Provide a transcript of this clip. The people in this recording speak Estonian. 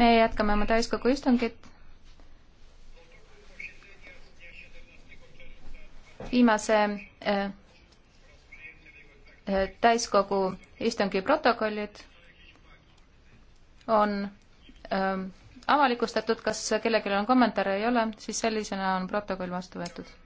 me jätkame oma täiskogu istungit. viimase äh, täiskogu istungi protokollid on äh, avalikustatud, kas kellelgi on kommentaare, ei ole, siis sellisena on protokoll vastu võetud